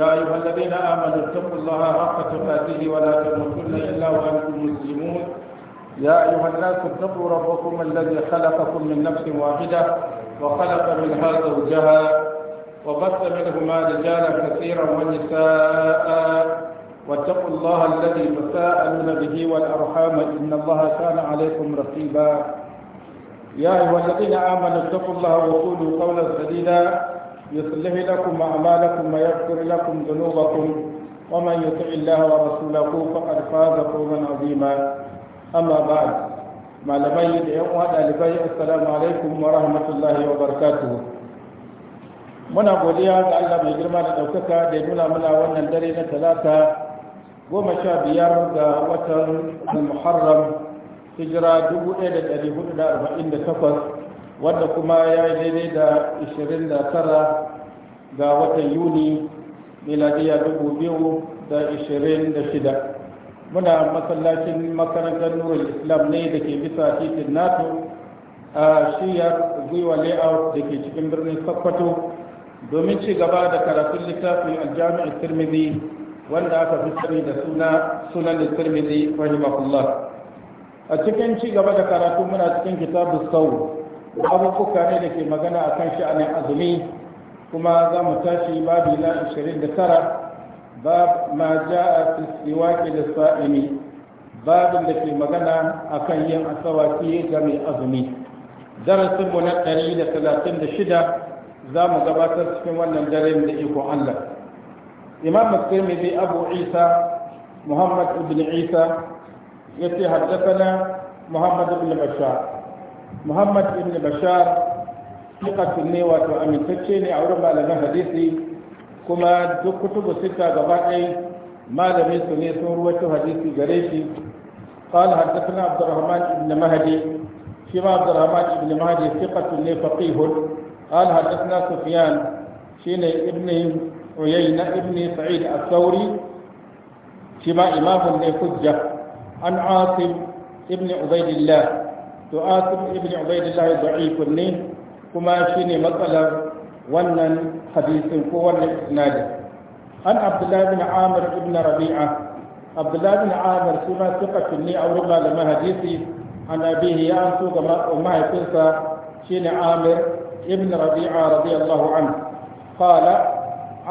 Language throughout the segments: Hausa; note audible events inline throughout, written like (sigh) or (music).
يا أيها الذين آمنوا اتقوا الله حق تقاته ولا تموتن إلا وأنتم مسلمون يا أيها الناس اتقوا ربكم الذي خلقكم من نفس واحدة وخلق منها زوجها وبث منهما رجالا كثيرا ونساء واتقوا الله الذي تساءلون به والأرحام إن الله كان عليكم رقيبا يا أيها الذين آمنوا اتقوا الله وقولوا قولا سديدا يصلح لكم أعمالكم ويغفر لكم ذنوبكم ومن يطع الله ورسوله فقد فاز فوزا عظيما أما بعد ما لبي يدعو ɗalibai assalamu alaikum wa rahmatullahi wa muna godiya ga Allah mai girma da ɗaukaka da nuna muna wannan dare na talata goma sha biyar ga watan muharram hijira dubu ɗaya da ɗari hudu da arba'in da takwas wanda kuma ya yi daidai da 29 ga watan yuni miladiya 2026 muna masallacin makarantar nurul islam ne da ke bisa titin nato a shiyar gwiwa layout da ke cikin birnin sokoto domin ci gaba da karatun littafin aljami'ar tirmidhi wanda aka fi sani da suna sunan tirmidhi rahimahullah a cikin ci gaba da karatu muna cikin kitabu sau abubuwa ne da ke magana a kan sha'anin azumi kuma za mu tashi babi na 29 bab ma a fi siwaki da sa'ini babin da ke magana a kan yin asawaki ga mai azumi darasinmu na 136 za mu gabatar cikin wannan dare da iko Allah imam bai abu isa muhammad ibn isa yace na muhammad ibn bashar muhammad ibn bashar suka ne wato amintacce ne a wurin malamin hadisi kuma duk kutubu sita gaba ɗai malamin su ne sun ruwaito hadisi gare shi قال حدثنا عبد الرحمن بن مهدي شيما عبد الرحمن بن مهدي ثقة فقيه قال حدثنا سفيان شين ابن عيينة ابن سعيد الثوري شيما إمام حجة عن عاصم ابن عبيد الله du'atun ibn ubaidillah da'ifun ne kuma shine matsalar wannan hadisin ko wannan isnadin an abdullahi bin amir ibn rabi'a abdullahi bin amir shi ma thiqatun ne a wurin malaman hadisi an abihi ya an so ga mahaifinsa shine amir ibn rabi'a radiyallahu anhu qala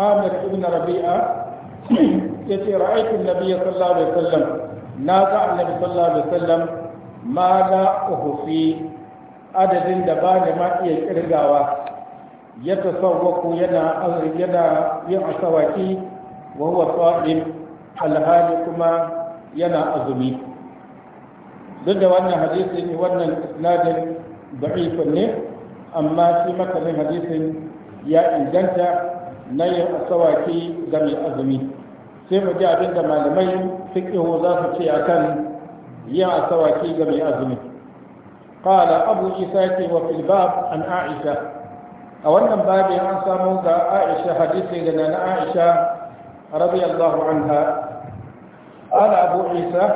amir ibn rabi'a yace ra'aytu an-nabiy sallallahu alaihi wasallam na ga annabi sallallahu alaihi wasallam ma la adadin da ba da ma iya kirgawa ya tasawwaku yana yana yin asawaki wa huwa sa'im alhali kuma yana azumi duk da wannan hadisin wannan isnadin da'ifun ne amma shi makarin hadisin ya inganta na yin asawaki ga mai azumi sai mu ji abinda malamai fiƙihu za su ce akan يا سواكي قبل أذنك قال أبو إساك وفي الباب عن عائشة أو أن باب عن سموك عائشة حديث لنا عائشة رضي الله عنها قال أبو عيسى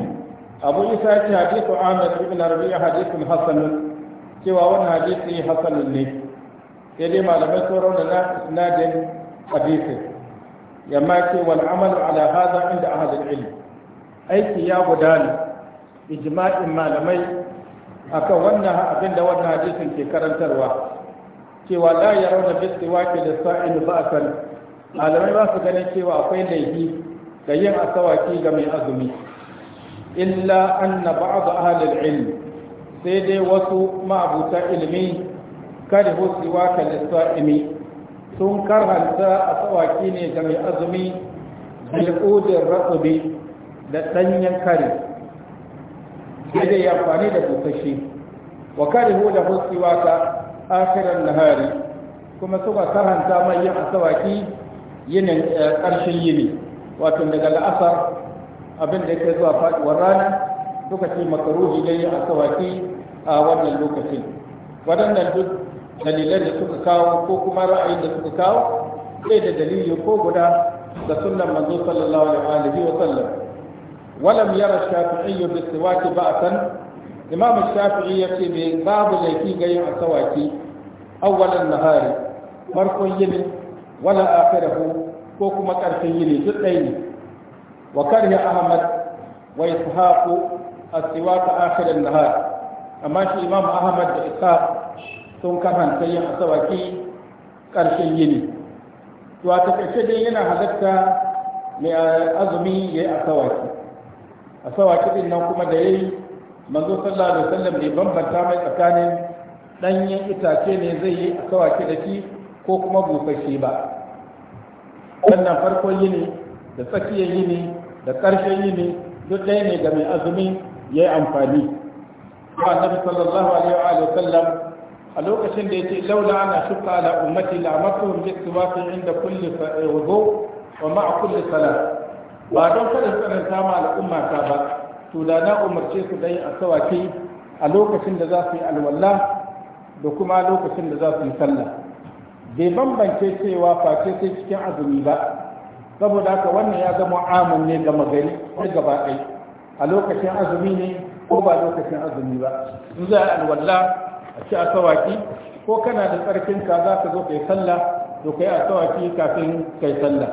(clears throat) أبو عيسى حديث عامة بن ربيع حديث حسن سوى وان حديث حسن لي يلي ما لم يكن لنا إسناد حديث يماتي والعمل على هذا عند أهل العلم أي يا بداني ijma'in malamai akan wannan abin da wannan hadisin ke karantarwa cewa la yarawna bi siwaki lisa'il ba'san malamai ba su ganin cewa akwai laifi da yin asawaki ga mai azumi illa anna ba'd ahli al-ilm sai dai wasu ma'abuta ilimi kada wake da sa'imi sun karhanta asawaki ne ga mai azumi bil'udin ratsubi da ɗanyen kare sai dai amfani da busasshe wa karihu da husiwaka akiran nahari kuma suka karanta mai yin asawaki yinin eh, ƙarshen yini wato daga la'asar abin da yake zuwa faɗuwar rana suka ce makaruhi dai yin asawaki a wannan lokacin waɗannan duk dalilan da suka kawo ko kuma ra'ayin da suka kawo sai da dalili ko guda da sunan manzo sallallahu alaihi wa sallam ولم يرى الشافعي بالسواك بأسا إمام الشافعي يكتب باب ليكي غير السواكي أول النهار مرق يلي ولا آخره كوكما يلي جدين وكره أحمد وإسحاق السواك آخر النهار أما إمام أحمد وإسحاق سنكهن سيئ السواكي ƙarshen yini to a takaice dai yana halatta mai azumi ya yi asawaki a sawa kiɗin nan kuma da ya yi manzo sallallahu alaihi wasallam ne bambanta mai tsakanin ɗanyen itace ne zai yi a sawa da shi ko kuma busasshe ba wannan farkon yini da tsakiyar yini da ƙarshen yini duk ɗaya ne ga mai azumi ya yi amfani ba annabi sallallahu alaihi wa sallam a lokacin da ce, laula ana shuka ala ummati la amartuhum bi inda kulli wudu wa ma'a kulle salat ba don kada tsarin sama al'umma ta ba to da na umarce su dai a sawaki a lokacin da za su yi alwala da kuma lokacin da za su yi sallah bai bambance cewa face sai cikin azumi ba saboda haka wannan ya zama amin ne ga magari har gaba ɗai a lokacin azumi ne ko ba lokacin azumi ba in za a alwala a ci a sawaki ko kana da tsarkin ka za ka zo kai sallah to kai a sawaki kafin kai sallah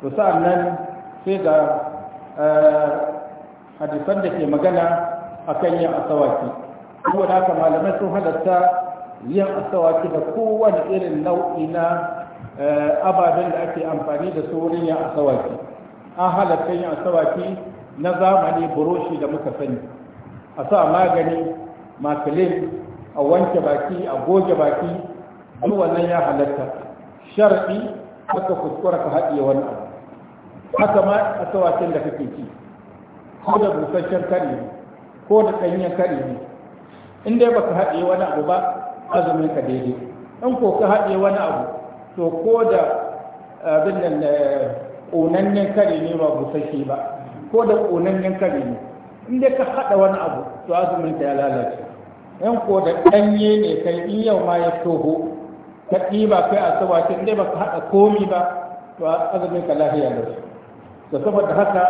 to sa'an sai ga eh, hadisan da ke magana a kan yin asawaki kuma da haka malamai sun halatta yin asawaki da kowane irin nau'i na eh, ababen da ake amfani da su wurin yin asawaki an halatta yin asawaki na zamani buroshi da muka sani a sa magani makilin a wanke baki a goge baki duk wannan ya halatta sharɗi haka kuskura ka haɗiye wani abu haka ma a tsawacin da kake ci ko da busasshen kari ne ko da ɗanyen kari ne in dai ka haɗe wani abu ba azumin ka daidai in ko ka haɗe wani abu to ko da abin nan eh, ƙonannen kari ne ba busasshe ba ko da ƙonannen kari ne in dai ka haɗa wani abu to azumin ka ya lalace in ko da ɗanye ne kai in yau ma ya toho ka ɗiba kai a tsawakin dai ka haɗa komi ba to azumin ka lafiya da su da saboda haka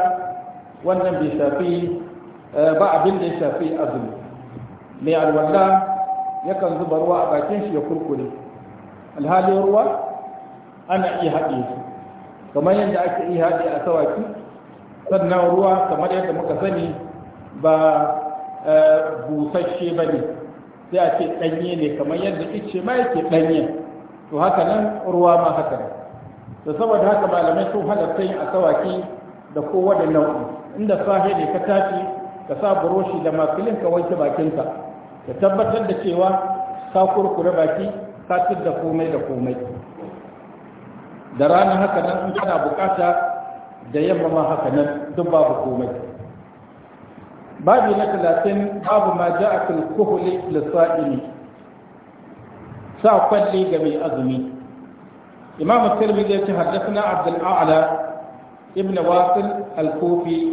wannan bai shafi eh, ba abin da ya shafi azumi mai alwala yakan zuba ruwa a bakin shi ya kurkure alhalin ruwa ana iya haɗe su kamar yadda ake iya haɗe a sawaki sannan ruwa kamar yadda muka sani ba eh, busasshe ba ne sai a ce ɗanye ne kamar yadda ice ma yake ɗanye to haka nan ruwa ma haka ne da saboda haka malamai sun halatta a asawaki da da nau'i inda sahi ne ka tashi ka sa buroshi da makilin ka wanke bakinka ka tabbatar da cewa ka kurkure baki ka cin da komai da komai da rana haka nan in kana bukata da yamma ma haka nan duk babu komai babu na talatin babu ma ja'a kuhuli lisa'ini sa kwalli ga mai azumi إمام الترمذي حدثنا عبد الأعلى ابن واصل الكوفي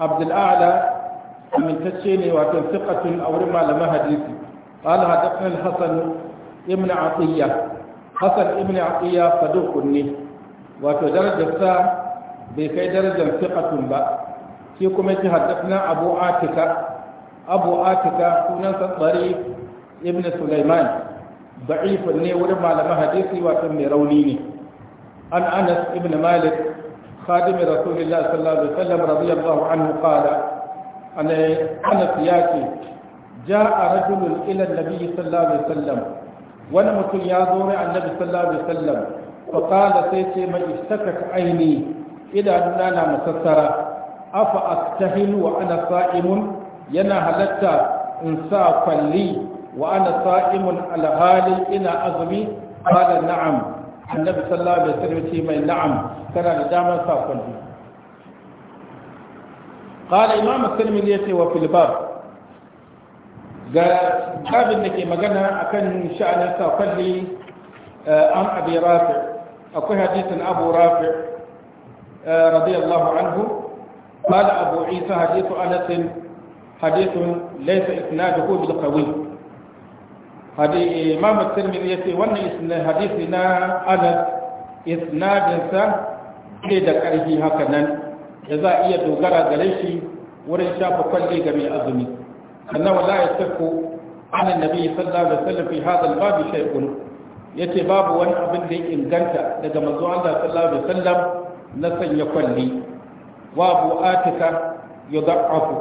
عبد الأعلى من تشيني وكان ثقة أو رمى لما حديثي قال حدثنا الحسن ابن عطية حسن ابن عطية صدوق ني وتدرج الساعة بكي درجة ثقة با فيكم حدثنا أبو عاتكة أبو عاتكة كنا طريق ابن سليمان da'ifun ne wurin malaman hadisi wasan mai rauni ne an anas ibn malik khadim rasulullah sallallahu alaihi wasallam radiyallahu anhu qala ana anas yake ja'a rajulun ila nabi sallallahu alaihi wani mutum ya zo mai annabi sallallahu alaihi wasallam sai ce mai istakat aini idanuna na masassara afa aktahil wa ana yana halatta in sa kwalli وأنا صائم على حالي إنا أظمي قال نعم النبي صلى الله عليه وسلم من نعم كان لداما صافا قال إمام الترمذي وفي الباب قال باب إنك مجنى أكن شأن صافلي آه، أم أبي رافع أكو حديث أبو رافع آه، رضي الله عنه قال أبو عيسى حديث أنس حديث ليس إسناده بالقوي hadi imam at ya ce wannan isnad hadisi na anas isnadin sa ne da karfi haka nan da za a iya dogara gare shi wurin shafa kwalle ga mai azumi annan wala ya tafi anan nabi sallallahu alaihi wasallam fi hada al-bab shay'un yace babu wani abin da ya inganta daga manzo Allah sallallahu alaihi wasallam na sanya kwalle wa abu atika yudha'afu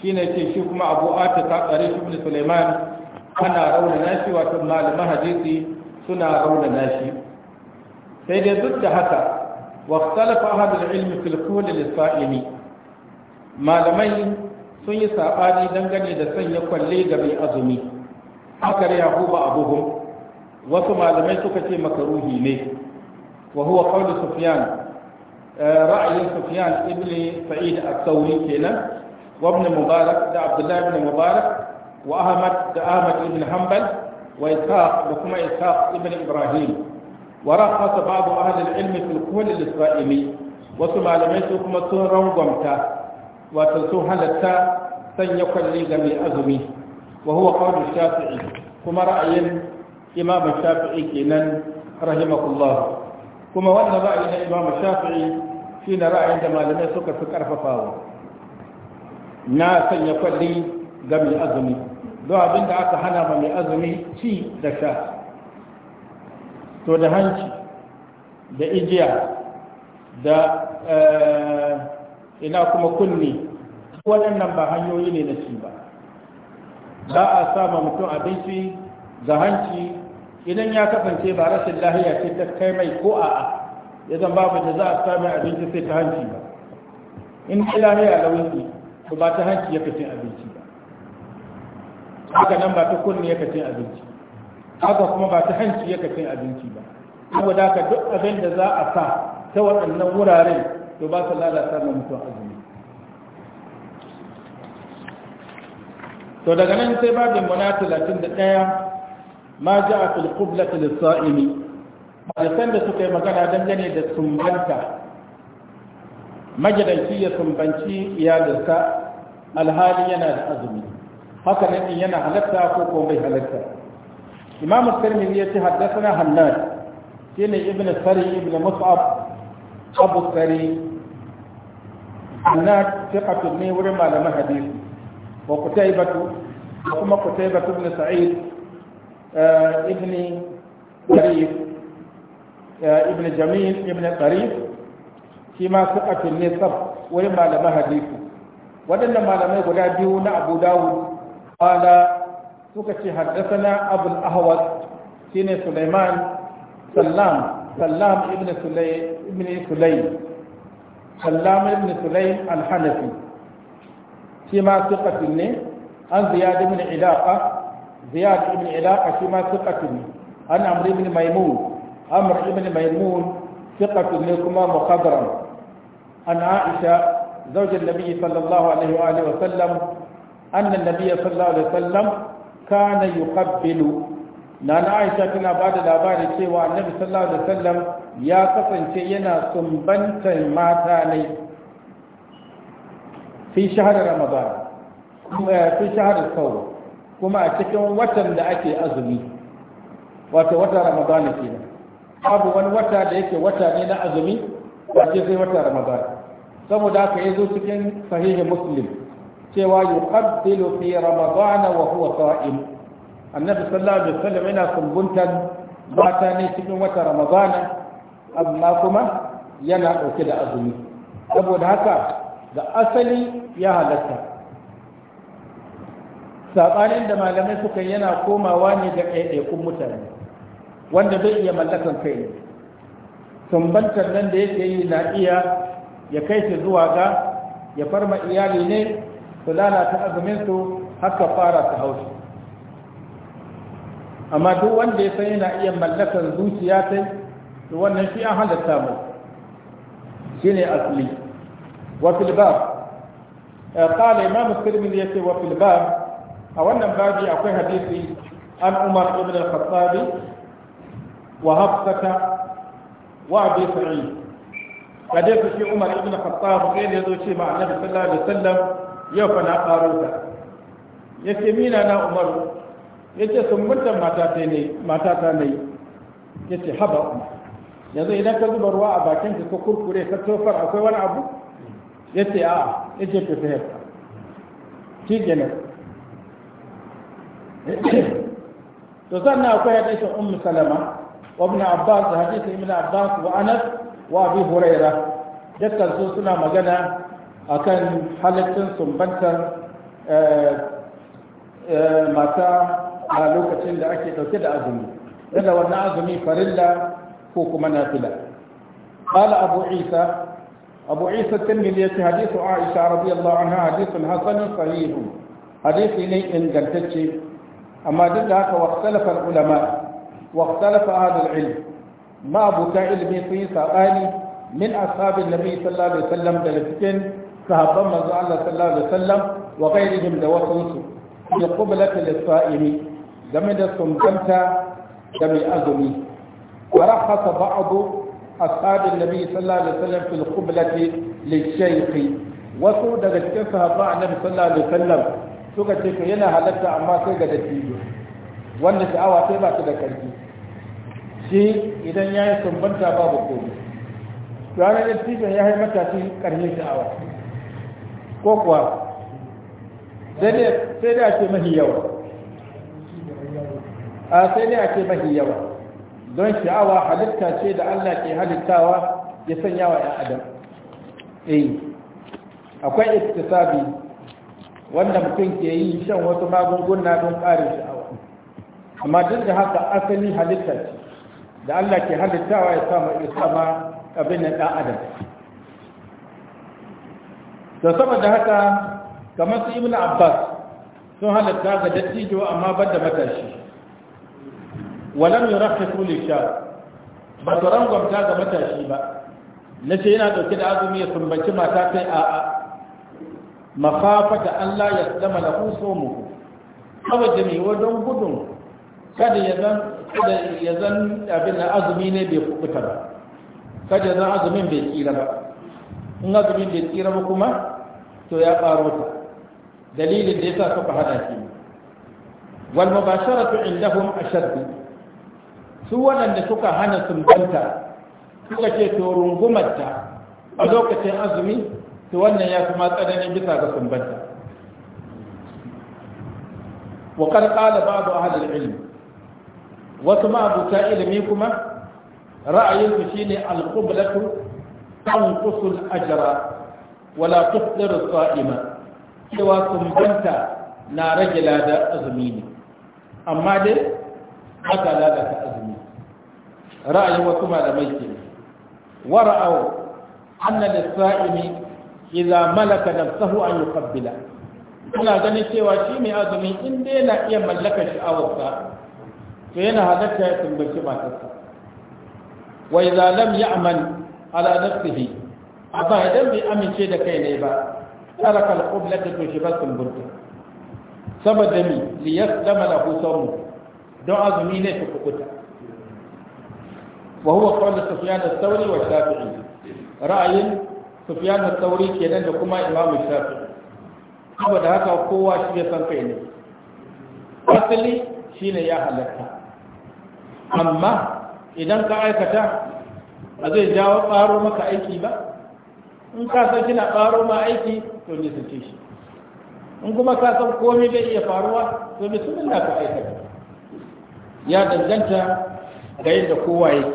shine ce shi kuma abu atika qari ibn sulaiman ana rauna shi wato malaman hadisi suna rauna nashi. sai dai duk da haka واختلف أهل العلم في الكون للصائم malamai sun yi saɓani dangane da sanya kwalle ga mai azumi akar ya huba abuhum wasu malamai suka ce makaruhi ne wa huwa qawlu sufyan eh, ra'ayin sufyan ibn sa'id as-sawri kenan wa ibn mubarak da abdullah ibn mubarak wa ahmad da ahmad ibn hanbal wa ishaq da kuma ishaq ibrahim wa rakhasa ba'd ahli al-ilm fi wasu malamai su kuma sun rangwamta wato sun halatta sanya kwalli ga mai azumi wa huwa qawlu shafi'i kuma ra'ayin imam shafi'i kenan rahimahullah kuma wannan ra'ayi na imam shafi'i shine ra'ayin da malamai suka fi karfafawa na sanya kwalli ga mai azumi don abin da aka hana ma mai azumi ci da sha to da hanci da igiya da eh, ina kuma kunni waɗannan ba hanyoyi ne na ci ba ba a sama mutum abinci da hanci idan ya kasance ba rashin lahiya ce ta kai mai ko a'a ya zan babu da za a sami abinci sai ta hanci ba in lahiya da wani ba ta hanci ya cin abinci haka nan ba ta kunne ya cin abinci haka kuma ba ta hanci ya cin abinci ba saboda haka duk abin da za a sa ta waɗannan wuraren to ba su lalata na mutum azumi to daga nan sai babin mana talatin da ɗaya ma ji a filkubla filisa'ini ba da sanda suka yi magana dangane da sumbanta magidanci ya sumbanci iyalinsa alhali yana da azumi haka nan din yana halatta ko ko bai halatta imam tirmidhi ya ce haddathana hannad shine ibn sari ibn mus'ab abu sari hannad thiqatu ne wurin malamin hadisi wa qutaybatu wa kuma qutaybatu ibn sa'id eh, ibn qarib eh, ibn jamil ibn qarib shi ma thiqatu ne sab wurin malamin hadisi wadannan malamai guda biyu na abu dawud qala suka ce haddathana abul ahwad shine sulaiman sallam sallam ibn an ziyad ibn ilaqa زوج النبي صلى الله عليه وآله وسلم أن النبي صلى الله عليه وسلم كان يقبل نانا عائشة تنا بعد الأبار cewa النبي صلى الله عليه وسلم ya kasance yana sumbantar mata ne fi shahar ramadan fi shahar sauro kuma a cikin watan da azumi wato wata ramadan ke nan abu wani wata da yake wata ne na azumi wace sai wata ramadan saboda haka ya zo cikin sahihin muslim cewa yuqabbilu fi ramadana wa huwa sa'im annabi sallallahu alaihi wasallam yana kumbuntan mata ne cikin wata ramadana amma kuma yana dauke da azumi saboda haka da asali ya halatta sabanin da malamai suka yana komawa ne ga ɗaiɗaikun mutane wanda zai iya mallakan kai ne sumbantar nan da yake yi na iya ya kai shi zuwa ga ya farma iyali ne su lalata azuminsu haka fara su haushi amma duk wanda ya san yana iya mallakar zuciya sai to wannan shi an halatta mu shine asli wa fil bab eh, qala imam at-tirmidhi yace wa bab a wannan babi akwai hadisi an umar ibn al-khattabi wa hafsata wa abi sa'id hadisi shi umar ibn al-khattab kai ne yazo ce ma annabi sallallahu alaihi wasallam yau fa na ƙaro ta ya ce mina na umaru ya ce sun mutan matata ne matata ne ya ce haba umar yanzu idan ka zuba ruwa a bakin ka kurkure ka tofar akwai wani abu ya ce a ya ce ka sayar shi kenan to sannan akwai hadisin ummu salama wa ibn abbas hadisin ibn abbas wa anas wa abi hurairah dukkan su suna magana akan halittin sumbantar eh, eh, mata a lokacin da ake ɗauke da azumi daga wannan azumi farilla ko kuma nafila qala abu isa abu isa tirmidhi yace hadithu aisha radiyallahu anha hadithun hasanun sahih hadithi ne ingantacce amma duk da haka waqtalafa ulama waqtalafa ahlul ilm ma abuta ilmi sun yi saɓani, min ashabin nabi sallallahu alaihi wasallam da cikin sahabban manzo Allah sallallahu alaihi wasallam wa ghairihim da wasansu ya qiblati lis-sa'imi game da sumbanta da mai azumi wa rakhasa ba'd ashabi annabi sallallahu alaihi wasallam fil qiblati lish-shaykh wasu daga cikin sahabba annabi sallallahu alaihi wasallam suka ce to yana halatta amma sai ga dattijo wanda sha'awa sai ba su da karfi shi idan ya yi sumbanta babu komai ranar dattijo ya yi matashi karfin sha'awa ko kuwa sai dai a ce mahi yawa a sai dai a ce mahi yawa don sha'awa halitta ce da Allah ke halittawa ya sanya wa ‘yan adam eh akwai iktisabi wanda mutum ke yi shan wasu magunguna don ƙarin sha'awa amma duk da haka asali halitta ce da Allah ke halittawa ya isama abin da ɗan adam da saboda haka kamar su ibn abbas sun halatta ga dattijo amma ban da matashi walam yi rafi tuli sha ba su rangwamta ga matashi ba na ce yana ɗauke da azumi ya sumbanci mata sai a'a mafafa da allah ya zama da huso mu kawai da mai gudun kada ya zan abin azumi ne bai kubuta ba kada ya zan azumin bai tsira ba in azumin da tsira kuma to ya faru ta dalilin da ya sa suka hada shi wal mubasharatu indahum ashaddu su waɗanda suka hana sumbanta suka ce to ta. a lokacin azumi to wannan ya kuma tsananin bisa ga sumbanta wa kan qala ba'du ahli al-ilm wasu ma abuta ilimi kuma ra'ayin shine al-qiblatu تنقص الأجر ولا تفطر الصائم سوى سنبنت نار جلاد أزمين أما دي حتى لا لك أزمين رأي وكما لميتني ورأوا أن للصائم إذا ملك نفسه أن يقبله Kuna ganin cewa shi mai azumi in dai yana iya mallakar sha'awarsa to yana halatta ya tumbaci matarsa wai zalam ya aman ala nafsihi amma idan bai amince da kai ne ba taraka al da to shi ba sun burta saboda mi li yaslama lahu sawmu don azumi ne ta kukuta wa huwa qawl sufyan ath-thawri wa shafi'i ra'ayin sufyan ath-thawri kenan da kuma imam shafi'i saboda haka kowa shi ya san kai ne asali shine ya halatta amma idan ka aikata ba zai jawo ɓaro maka aiki ba in ka san kina ɓaro ma aiki to ne sun shi in kuma ka san komai bai iya faruwa to nuna ka aikata ya danganta ga yadda kowa yake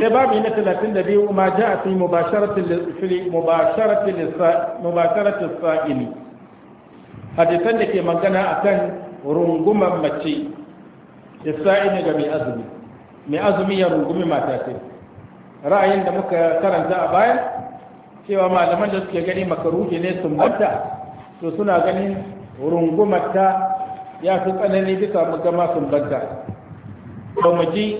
sai babu na talatin da biyu ma ja a fi mubasharatun sa'ili hadisan da ke magana a kan rungumar mace ne ga mai azumi mai azumi ya rungumi mata ra'ayin da muka karanta a baya cewa malaman da suke gani makaruhi ne sun banta to suna ganin rungumarta ya fi tsanani bisa magama sun banta ba mu ji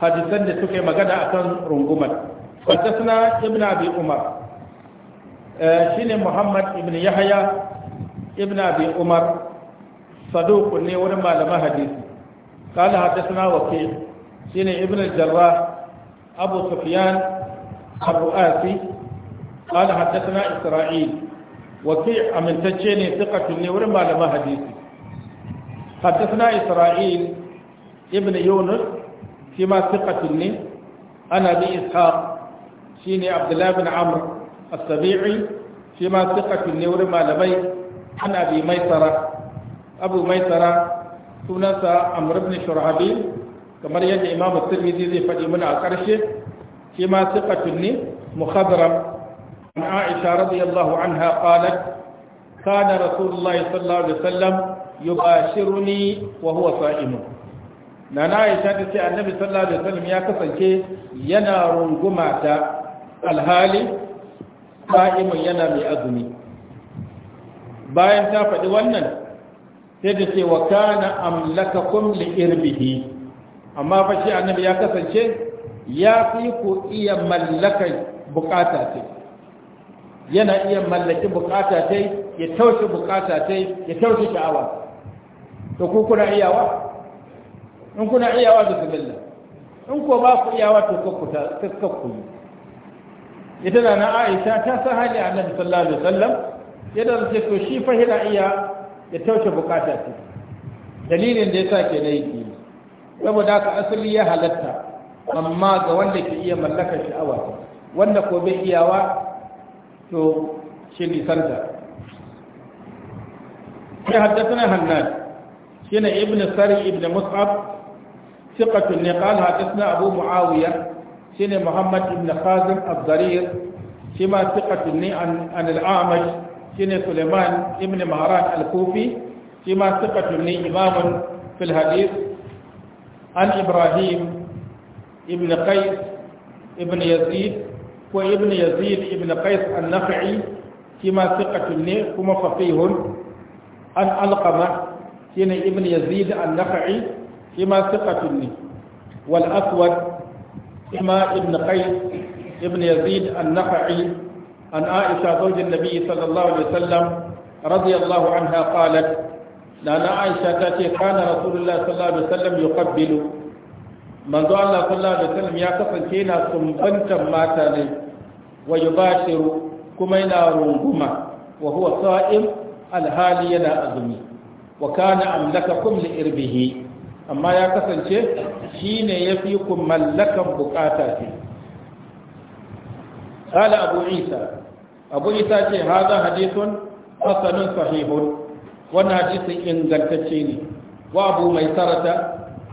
hadisan da suke magana a akan rungumar Ibn Abi Umar, eh, shi ne Muhammad Ibn Yahaya Ibn Abi Umar, saduku ne wurin malaman hadisi قال حدثنا وكيل سين ابن الجراح أبو سفيان الرؤاسي قال حدثنا إسرائيل وكيع من تجيني ثقة لي ورما لما حديثي حدثنا إسرائيل ابن يونس فيما ثقة لي أنا بإسحاق شيني عبد الله بن عمرو السبيعي فيما ثقة لي ورما لبي عن أبي ميسرة أبو ميسرة sunansa amr ibn shurhabil kamar yadda imamu tirmidhi zai faɗi mana a ƙarshe shi ma siqatun ne mukhadram an aisha radiyallahu anha qalat kana rasulullahi sallallahu alaihi wasallam yubashiruni wa huwa sa'imun nana aisha ta ce annabi sallallahu alaihi wasallam ya kasance yana runguma ta alhali sa'imun yana mai azumi bayan ta faɗi wannan sai da ce wa kana amlakakum li irbihi amma fa shi annabi ya kasance ya fi ku iya mallaka bukata ce yana iya mallaki bukata ce ya taushe bukata ce ya taushe sha'awa to ku kuna iyawa in kuna iyawa da zubilla in ko ba ku iyawa to kakkuta yi ita da na Aisha ta san hali annabi sallallahu alaihi wasallam yadda ta ce to shi fa iya ya taushe bukata ce dalilin da ya sa ke na yi saboda haka asali ya halatta amma ga wanda ke iya mallakar sha'awa wanda ko bai iyawa to shi nisanta sai haddasa hannan shi ne ibn sari ibn mus'ab ثقة قال حدثنا أبو معاوية شين Ibn بن خازم الضرير شما ثقة عن عن الأعمش shine Suleiman ibn Mahran al-Kufi shi ma thiqatun ne imamun fil hadith an Ibrahim ibn Qais ibn Yazid ko ibn Yazid ibn Qais an-Nafi shi ma thiqatun ne kuma faqihun an Alqama shine ibn Yazid an-Nafi shi ma thiqatun ne wal Aswad ima ibn Qais ibn Yazid an-Nafi عن عائشة زوج النبي صلى الله عليه وسلم رضي الله عنها قالت لأن عائشة تأتي كان رسول الله صلى الله عليه وسلم يقبل من دعا الله صلى الله عليه وسلم يقصد كينا سنبنتا ماتني ويباشر كمينا رنبما وهو صائم الهالي ينا أزمي وكان أملككم لإربه amma ya kasance shi ne ya fi ku mallakan bukata ce. Kala Abu Isa, abu isa ce haza hadithun hasanun sahihun wannan hadisin ingantacce ne wa abu mai sarata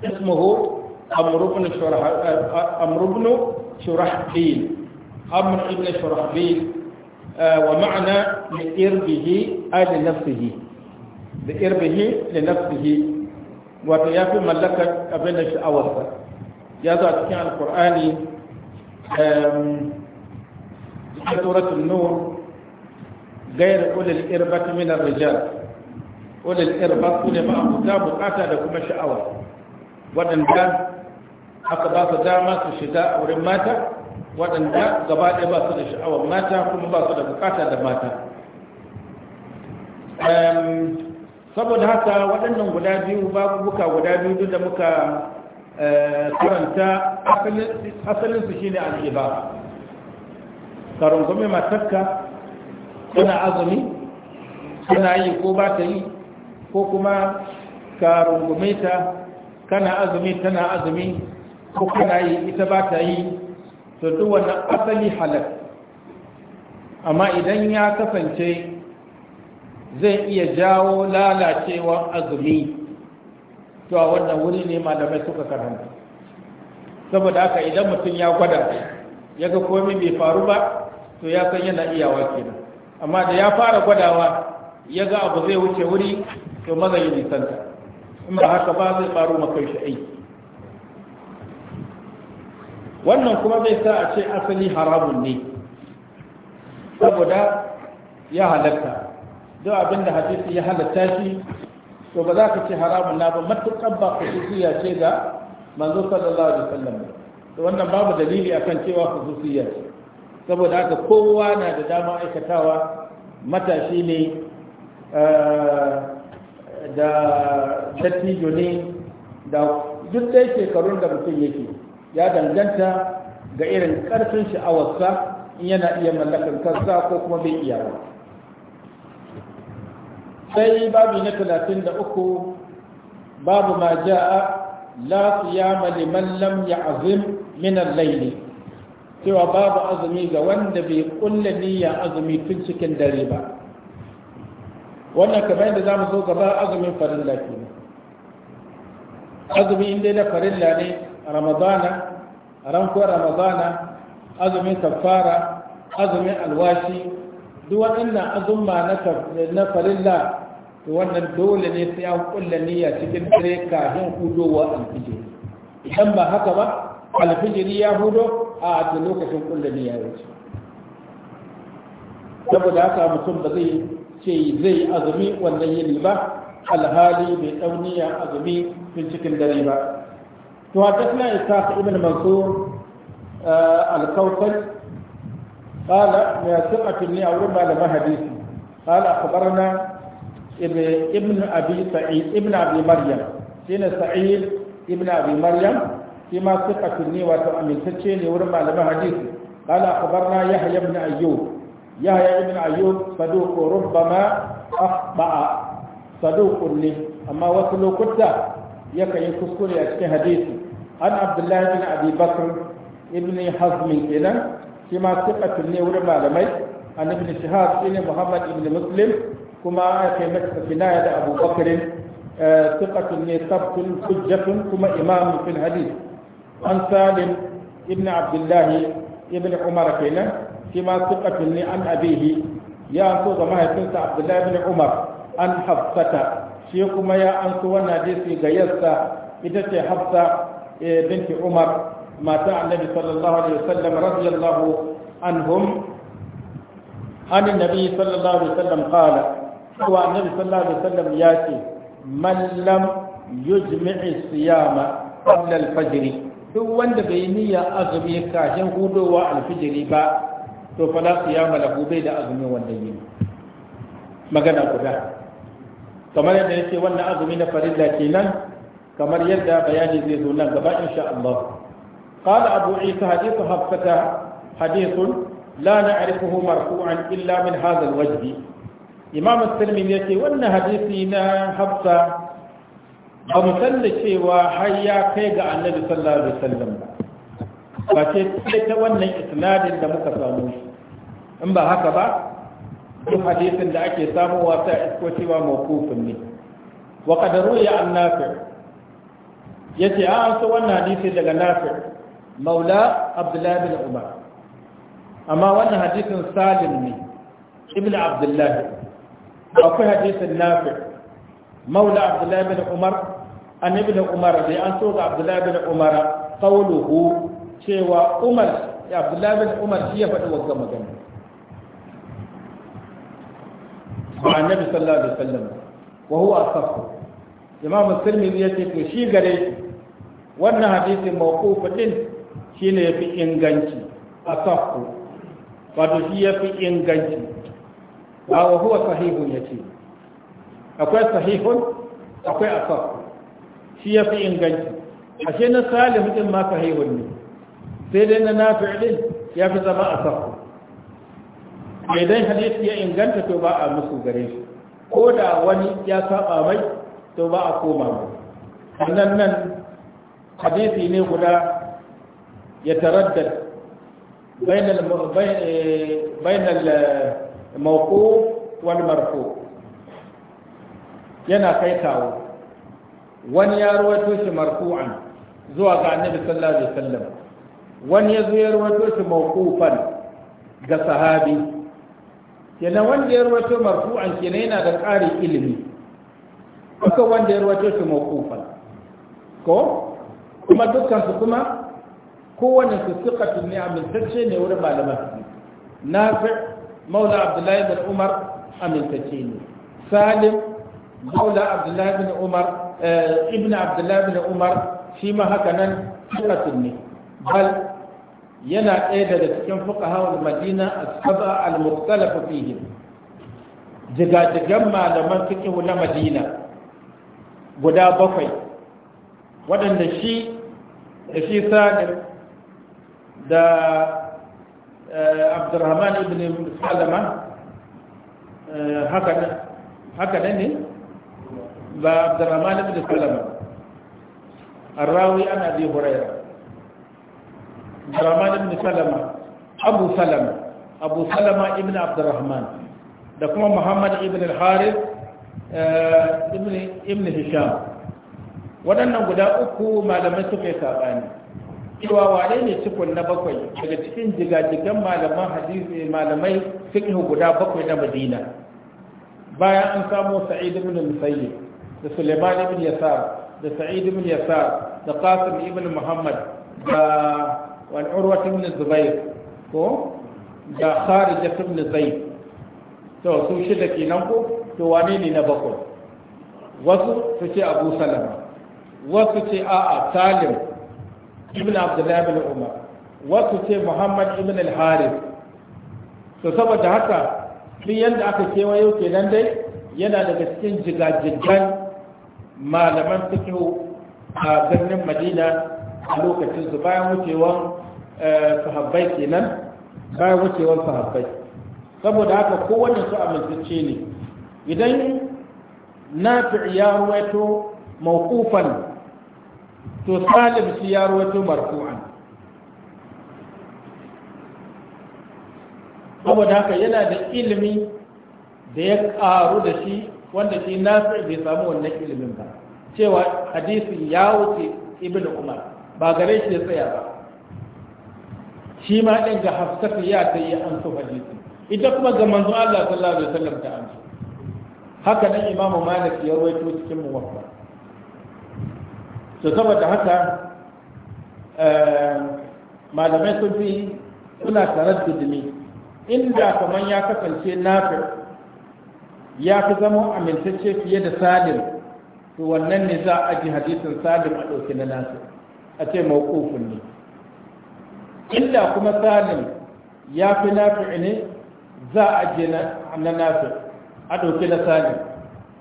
ismuhu amrubnu eh, shurahbil amr shurahbil eh, wa ma'ana li irbihi da nafsihi da irbihi da nafsihi wato ya fi mallaka abin da sha'awarsa ya zo a cikin alkur'ani a suratul nur Gayar ulil irbat min ar-rijal ulil irbat ne ma da kuma sha'awa waɗanda aka ba su dama su shiga wurin mata waɗanda gaba ɗaya ba su da saboda haka waɗannan guda biyu buka guda biyu duk da muka karanta asalinsu shine al'iba ka rungumi na azumi kana yi ko ba ta yi ko kuma ka rungume ta kana azumi tana azumi ko kana yi ita ba ta yi to duk wannan asali halal amma idan ya kasance zai iya jawo lalacewa azumi to a wannan wuri ne malamai suka karanta saboda haka idan mutum ya gwada ya ga komai bai faru ba to ya san yana iyawa kenan amma da ya fara gwadawa ya ga abu zai wuce wuri to maza yi nisanta in ba haka ba zai faru makai shi ai wannan kuma zai sa a ce asali haramun ne saboda ya halatta don abin da hadisi ya halatta shi to ba za ka ce haramun na ba matuƙar ba khususiyya ce ga manzo sallallahu alaihi wasallam to wannan babu dalili akan cewa khususiyya ce saboda haka kowa na da dama aikatawa matashi ne eh, da dattijo ne da duk dai shekarun da mutum yake ya danganta ga irin ƙarfin sha'awarsa in yana iya mallakar kansa ko kuma bai iya ba sai babu na talatin da uku babu ma ja'a la siyama liman lam ya min minan layli cewa babu azumi ga wanda bai kulla niyya azumi tun cikin dare ba wannan kamar yadda za mu zo gaba azumin farilla ke azumi inda na farilla ne ramadana ranko ramadana azumin kafara azumin alwashi duk waɗannan azumma na farilla to wannan dole ne sai an kulla niyya cikin dare kafin hudowa alfijiri idan ba haka ba alfijiri ya hudo a da lokacin kullum ya wuce saboda haka mutum ba zai ce zai azumi wannan yini ba alhali mai dauniya azumi tun cikin dare ba to a haddathna ishaq ibn mansur al-kawthal qala ya thiqatu li awrama lama hadisi qala akhbarana ابن ابي سعيد ابن ابي مريم سين سعيد ابن ابي مريم shi ma siqatun ne wato amintacce ne wurin malaman hadisi qala akhbarna yahya ibn ayyub yahya ibn ayyub saduq rubbama akhba'a saduq ne amma wasu lokuta yakan yi kuskure a cikin hadisi an abdullahi bin abi bakr ibn hazm kenan shi ma siqatun ne wurin malamai an ibn shihab shine muhammad ibni muslim kuma aka yi masa da abu bakr eh, siqatun ne tabtun hujjatun kuma imamun fil hadisi عن سالم ابن عبد الله ابن عمر كينا فيما ثقة لي عن أبيه يا أنسو ما يكنس عبد الله بن عمر عن حفصة شيكما يا أنسو وناديسي غيسة إذا حفصة بنت عمر ما دعا النبي صلى الله عليه وسلم رضي الله عنهم عن النبي صلى الله عليه وسلم قال هو النبي صلى الله عليه وسلم ياتي من لم يجمع الصيام قبل الفجر duk wanda bai niyya azumi kashin hudowa alfijiri ba to fala siyama lahu bai da azumin wannan yini magana guda kamar yadda yake wannan azumi na farilla kenan kamar yadda bayani zai zo nan gaba insha Allah قال أبو عيسى حديث حفصة حديث لا نعرفه مرفوعا إلا من هذا الوجه إمام السلمي يأتي وأن حديثنا حفصة ba mu san da cewa har ya kai ga annabi sallallahu alaihi wasallam ba ba ce ta wannan isnadin da muka samu in ba haka ba duk hadisin da ake wa ta isko cewa mawqufin ne wa qadaru ya an yace a ah, so wannan hadisi daga nafi' maula abdullahi bin umar amma wannan hadisin salim ne ibn abdullahi akwai hadisin nafi' maula abdullahi bin umar annabi da umar dai an so ga abdullahi bin umar qawluhu cewa umar abdullahi bin umar shi ya faɗi wannan magana ba annabi sallallahu alaihi wasallam wa huwa asaf imam at ya ce to shi gare wannan hadisin mawquf din shine fi inganci asaf wato shi ya fi inganci wa huwa sahihun yace akwai sahihun akwai asaf shi ya fi inganci ashe na salihu din ma sahihun ne sai dai na nafi'i din ya fi zama asaf mai dai hadisi ya inganta to ba a musu gare shi ko da wani ya saba mai to ba a koma mai sannan nan hadisi ne guda ya taraddad bainal eh, bainal eh, mawqu wal marfu' yana kai kawo wani ya ruwato shi marfu'an zuwa ga annabi sallallahu alaihi wasallam wani ya zo ya ruwaito shi mawqufan ga sahabi kenan wanda ya ruwato marfu'an kenan yana da ƙarin ilimi akan wanda ya ruwato shi mawqufan ko kuma dukkan su kuma kowane su siqatun ne amintacce ne wurin malaman nafi maula abdullahi bin umar amintacce ne salim maula abdullahi bin umar shi ma hakanan nan fiqatun ne bal yana ɗaya daga cikin fuqahaul madina a saba al-mukhtalaf fihi jigajigan malaman fiqh na madina guda bakwai waɗanda shi da shi sadir da abdurrahman ibn salama haka ne عبد الرحمن بن سلمة الراوي عن أبي هريرة عبد بن سلمة أبو سلمة أبو سلمة ابن عبد الرحمن دكما محمد ابن الحارث ابن ابن هشام waɗannan guda uku malamai suka yi saɓani cewa wane ne cikon na bakwai daga cikin jigajigan malaman hadisi malamai fiqh guda bakwai na madina bayan an samo sa'id ibn da Suleiman ibn Yasar da Sa'id ibn Yasar da Qasim ibn Muhammad da wal Urwa ibn Zubair ko da Kharija ibn Zaid to su shida kenan ko to wane ne na bakwai wasu su ce Abu Salama wasu ce a'a Salim ibn Abdullah ibn Umar wasu ce Muhammad ibn al-Harith to saboda haka duk yadda aka kewayo kenan dai yana daga cikin jigajigan malaman fikihu a birnin madina a lokacin su bayan wucewar eh, sahabbai kenan bayan wucewar sahabbai saboda haka kowanne su amince ne idan nafi ya ruwaito mawqufan to salim shi ya ruwaito marfu'an saboda haka yana da ilimi da ya karu da shi wanda shi nasir bai samu wannan ilimin ba cewa hadisi ya wuce ibn umar ba gare shi ya tsaya ba shi ma ɗin ga hafsatu ya ta yi an so hadisi ita kuma ga manzon Allah sallallahu alaihi wasallam ta amsa haka nan imamu malik ya rawaito cikin muwaffa to saboda haka eh, malamai sun fi suna taraddudi ne inda kamar ya kasance nafi ya fi zama amintacce fiye da salim to wannan ne za a ji hadisin salim a ɗauki na nasu a ce mawqufun ne inda kuma salim ya fi nafi ne za a ji na nasu a ɗauki na salim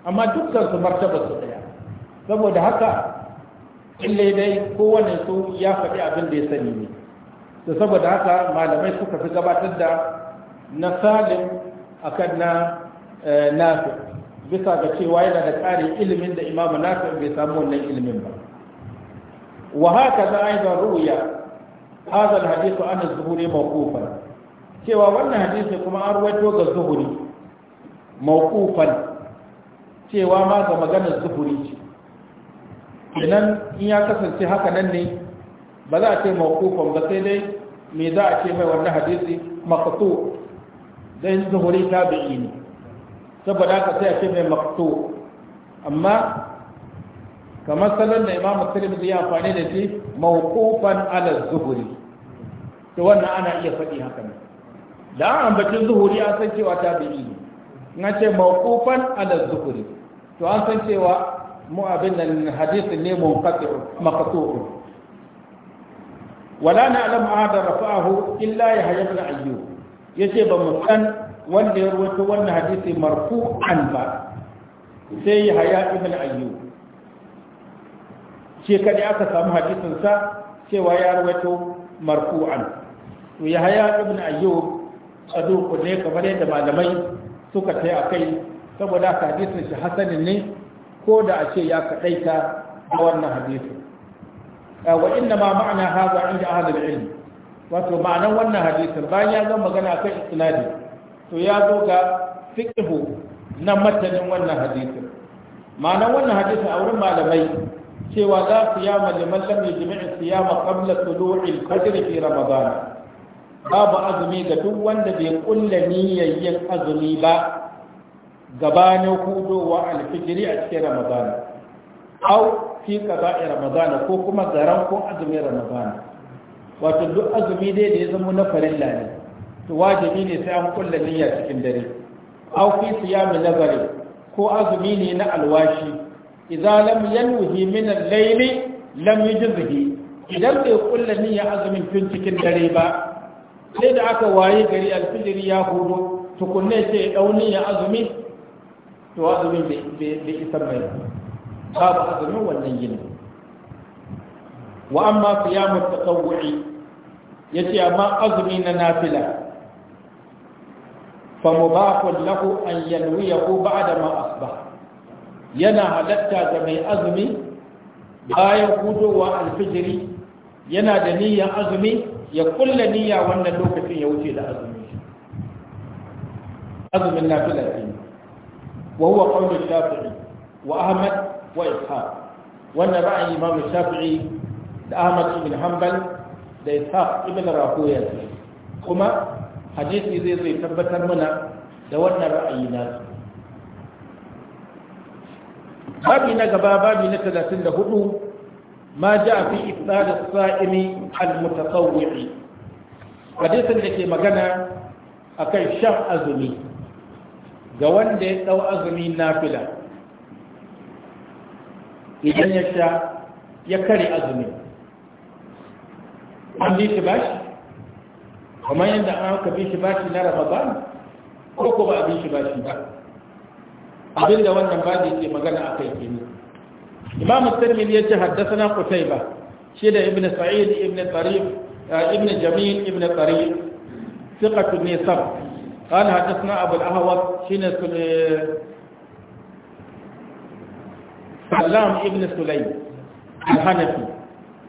amma dukkan su martaba su ɗaya saboda haka illai dai kowane su ya faɗi abin da ya sani ne To saboda haka malamai suka fi gabatar da na salim akan na Eh, nafi bisa ga cewa yana da ƙarin ilimin da imamu nafi bai samu wannan ilimin ba wa haka za a yi zan ruya hazal hadisu an zuhuri mawkufan cewa wannan hadisi kuma an ruwaito ga zuhuri mawkufan cewa ma ga maganar zuhuri ce idan in ya kasance haka nan ne ba za a ce mawkufan ba sai dai me za a ce mai wannan hadisi makatu dan zuhuri tabi'i ne saboda haka sai a ce mai makto amma kamar salon da imamu tirmidhi ya amfani da shi mawqufan ala zuhuri to wannan ana iya faɗi haka ne da an ambaci zuhuri an san cewa bi ne na ce mawqufan ala zuhuri to an san cewa mu abin nan hadisi ne munqati'u maqtu'u wala na'lamu ahada rafa'ahu illa yahya ibn ayyub yace ba mu san wanda ya rawaito wannan hadisi an ba sai ya haya ibn ayyub shi kadai aka samu hadisin sa cewa ya marfu an. to ya haya ibn ayyub saduq ne kamar yadda malamai suka tai akai saboda hadisin shi hasanin ne ko da a ce ya kadaita da wannan hadisin wa inna ma ma'ana hadha inda ahli al-ilm wato ma'anan wannan hadisin bayan ya zama magana kan isnadi to ya zo ga fiqhu na matanin wannan hadisin ma'ana wannan hadisin a wurin malamai cewa za su ya liman lam yajmi' siyama qabla tulu'il fajr fi ramadan babu azumi ga duk wanda bai kulla niyyar yin azumi ba gabanin hudowa alfijiri a cikin ramadan au fi qada'i ramadan ko kuma garan ko azumin ramadan wato duk azumi dai da ya zama na farin ne to wajibi ne sai an kulla niyya cikin dare aw fi siyami nazari ko azumi ne na alwashi idan lam yanwihi min al-layli lam yujzihi idan bai kulla niyya azumin tun cikin dare ba sai da aka waye gari al-fajri ya hudo tukunne sai dauni ya azumi to azumi bai isa mai babu azumin wannan yini wa amma siyamu tatawwu'i yace amma azumi na nafila فمباح له أن ينويه بعدما أصبح ينا هلتا جميع أزمي لا يقود الفجر ينا دنيا أزمي يقول نية وأن لوكة يوتي لأزمي أزم النافلة وهو قول الشافعي وأحمد وإسحاق وأن رأي الإمام الشافعي لأحمد بن حنبل لإسحاق ابن راهويه كما hadisi zai zai tabbatar mana da wannan ra'ayi na babi na gaba babi na 34 ma ja fi isa da saimi al hadisin da ke magana a akan shan azumi ga wanda ya ɗau azumi na fila idan ya sha ya kare azumi an bi shi kamar yadda an haka bishi bashi na ramadan ko ko ba a bishi bashi ba abinda wannan ba ke magana a kai kini imam tarmil ya ce haddasa na kusai ba shi da ibn sa'id ibn tarif eh, ibn jamil ibn tarif sikatu ne sab an haddasa na abu al'ahawar shi ne su ne salam ibn sulai al-hanafi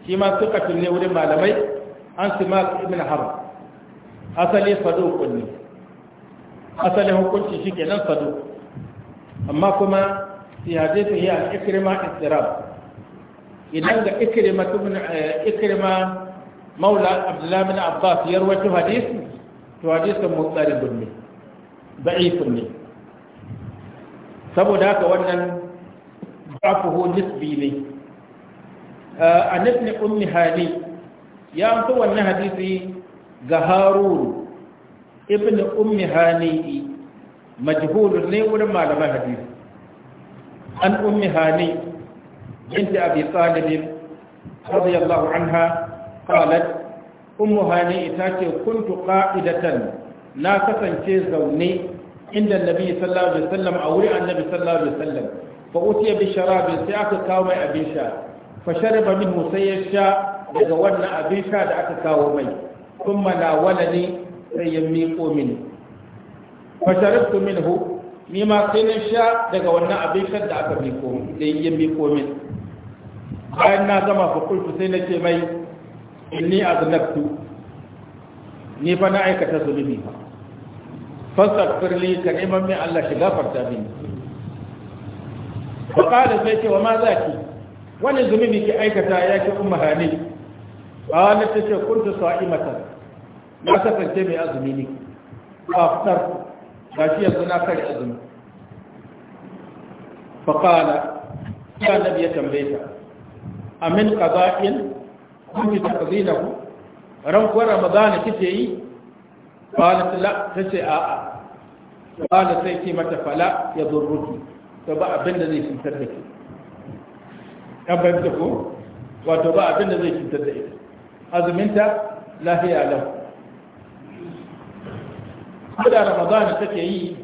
shi ma sikatu ne wurin malamai an su ma ibn harb asali sadukun ne asalin hukunci shi ke nan saduk amma kuma fi hadithu hiya al-ikrima istirab idan ga ikirma ibn eh, ikrima maula abdullah bin abbas yarwatu hadisi to hadithu mutaribun ne da'ifun ne saboda haka wannan da'afuhu nisbi ne eh, a nisni ummi hali ya amsa wannan hadisi ga haruru ibn ummi hani'i majhulun ne wurin malaman hadisi an ummi hani binta abi talib radiyallahu anha qalat ummu ta ce kuntu qa'idatan na kasance zaune inda annabi sallallahu alaihi wasallam a wuri annabi sallallahu alaihi wasallam fa utiya bi sharabin sai aka kawo mai abin sha fa shariba minhu sai ya sha daga wannan abin sha da aka kawo mai sun manawala ne sai ya miƙo mini fashariftu minhu ni ma sai na sha daga wannan abin shan da aka miƙo min da ya miƙo min bayan na zama fakultu sai na ce mai inni aznabtu ni fa na aikata zulubi ba fastaghfir li ka neman Allah shi gafarta wani zulubi ki aikata ya ki umma hani qala ta ce na kasance mai azumi ne ba fitar ga shi yanzu na kare azumi faƙala ya nabi ya tambaye ta amin ƙaza'in kun yi taƙazilahu rankuwar ramadana kike yi ƙalat la ta ce a'a ƙalat sai ke mata fala ya zurruki to ba abin da zai cutar da ke ɗan fahimta ko wato ba abin da zai cutar da ita azuminta lafiya lau da ramadana take yi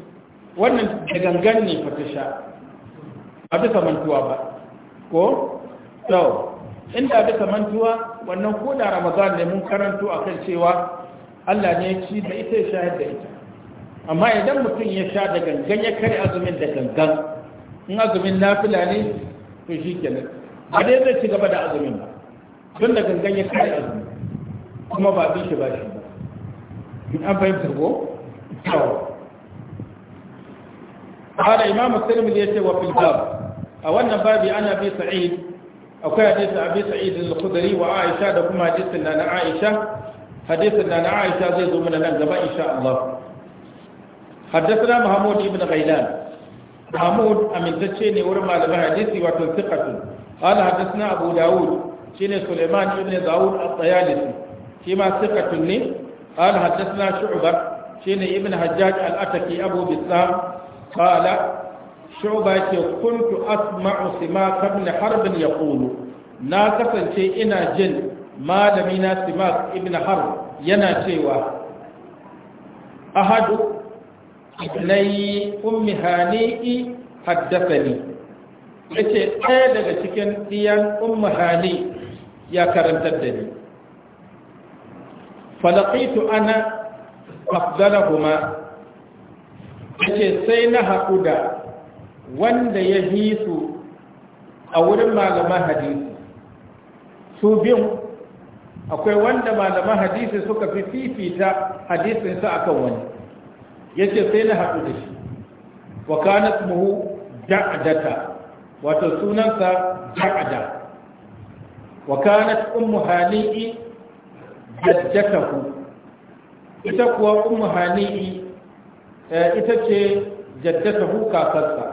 wannan da gangan ne fa ta sha a bisa mantuwa ba ko to inda bisa mantuwa wannan ko da ramadana ne mun karanto akan cewa Allah ne ya ci da ita ya shayar da ita amma idan mutum ya sha da gangan ya kare azumin da gangan in azumin nafila ne to shi kenan ba dai zai ci gaba da azumin ba don da gangan ya kare azumin kuma ba bi shi ba shi ba an fahimtar ko kawo hada imamu sirmi wa filgab a wannan babi ana bi sa'id akwai hadisa a bi sa'idin lukudari wa aisha da kuma hadisun na na aisha zai zo mana nan gaba isha allah haddasa muhammadu ibn ghailan muhammadu amintacce ne wurin malamai hadisi wato sikatu ana haddasa na abu dawud shi ne suleiman ibn zawud a tsayalisi shi ma sikatun ne ana haddasa na shine ibn hajjaj al-ataki abu bisam qala shuba ce kuntu asma'u simak ibn harb yaqulu na kasance ina jin malami na simak ibn harb yana cewa ahadu ibnai ummi hani'i haddathani yace ɗaya daga cikin diyan ummi hani ya karantar da ni falaqitu ana afdalahuma yace sai na haɗu da wanda ya fi su a wurin malaman hadisi su biyu akwai wanda malaman hadisi suka fi fifita su akan wani yace sai na haɗu da shi wa kanat muhu da'data wato sunansa da'da wa kanat ummu hali'i jaddatahu ita kuwa ummu hani'i eh, ita ce jaddata hukakarsa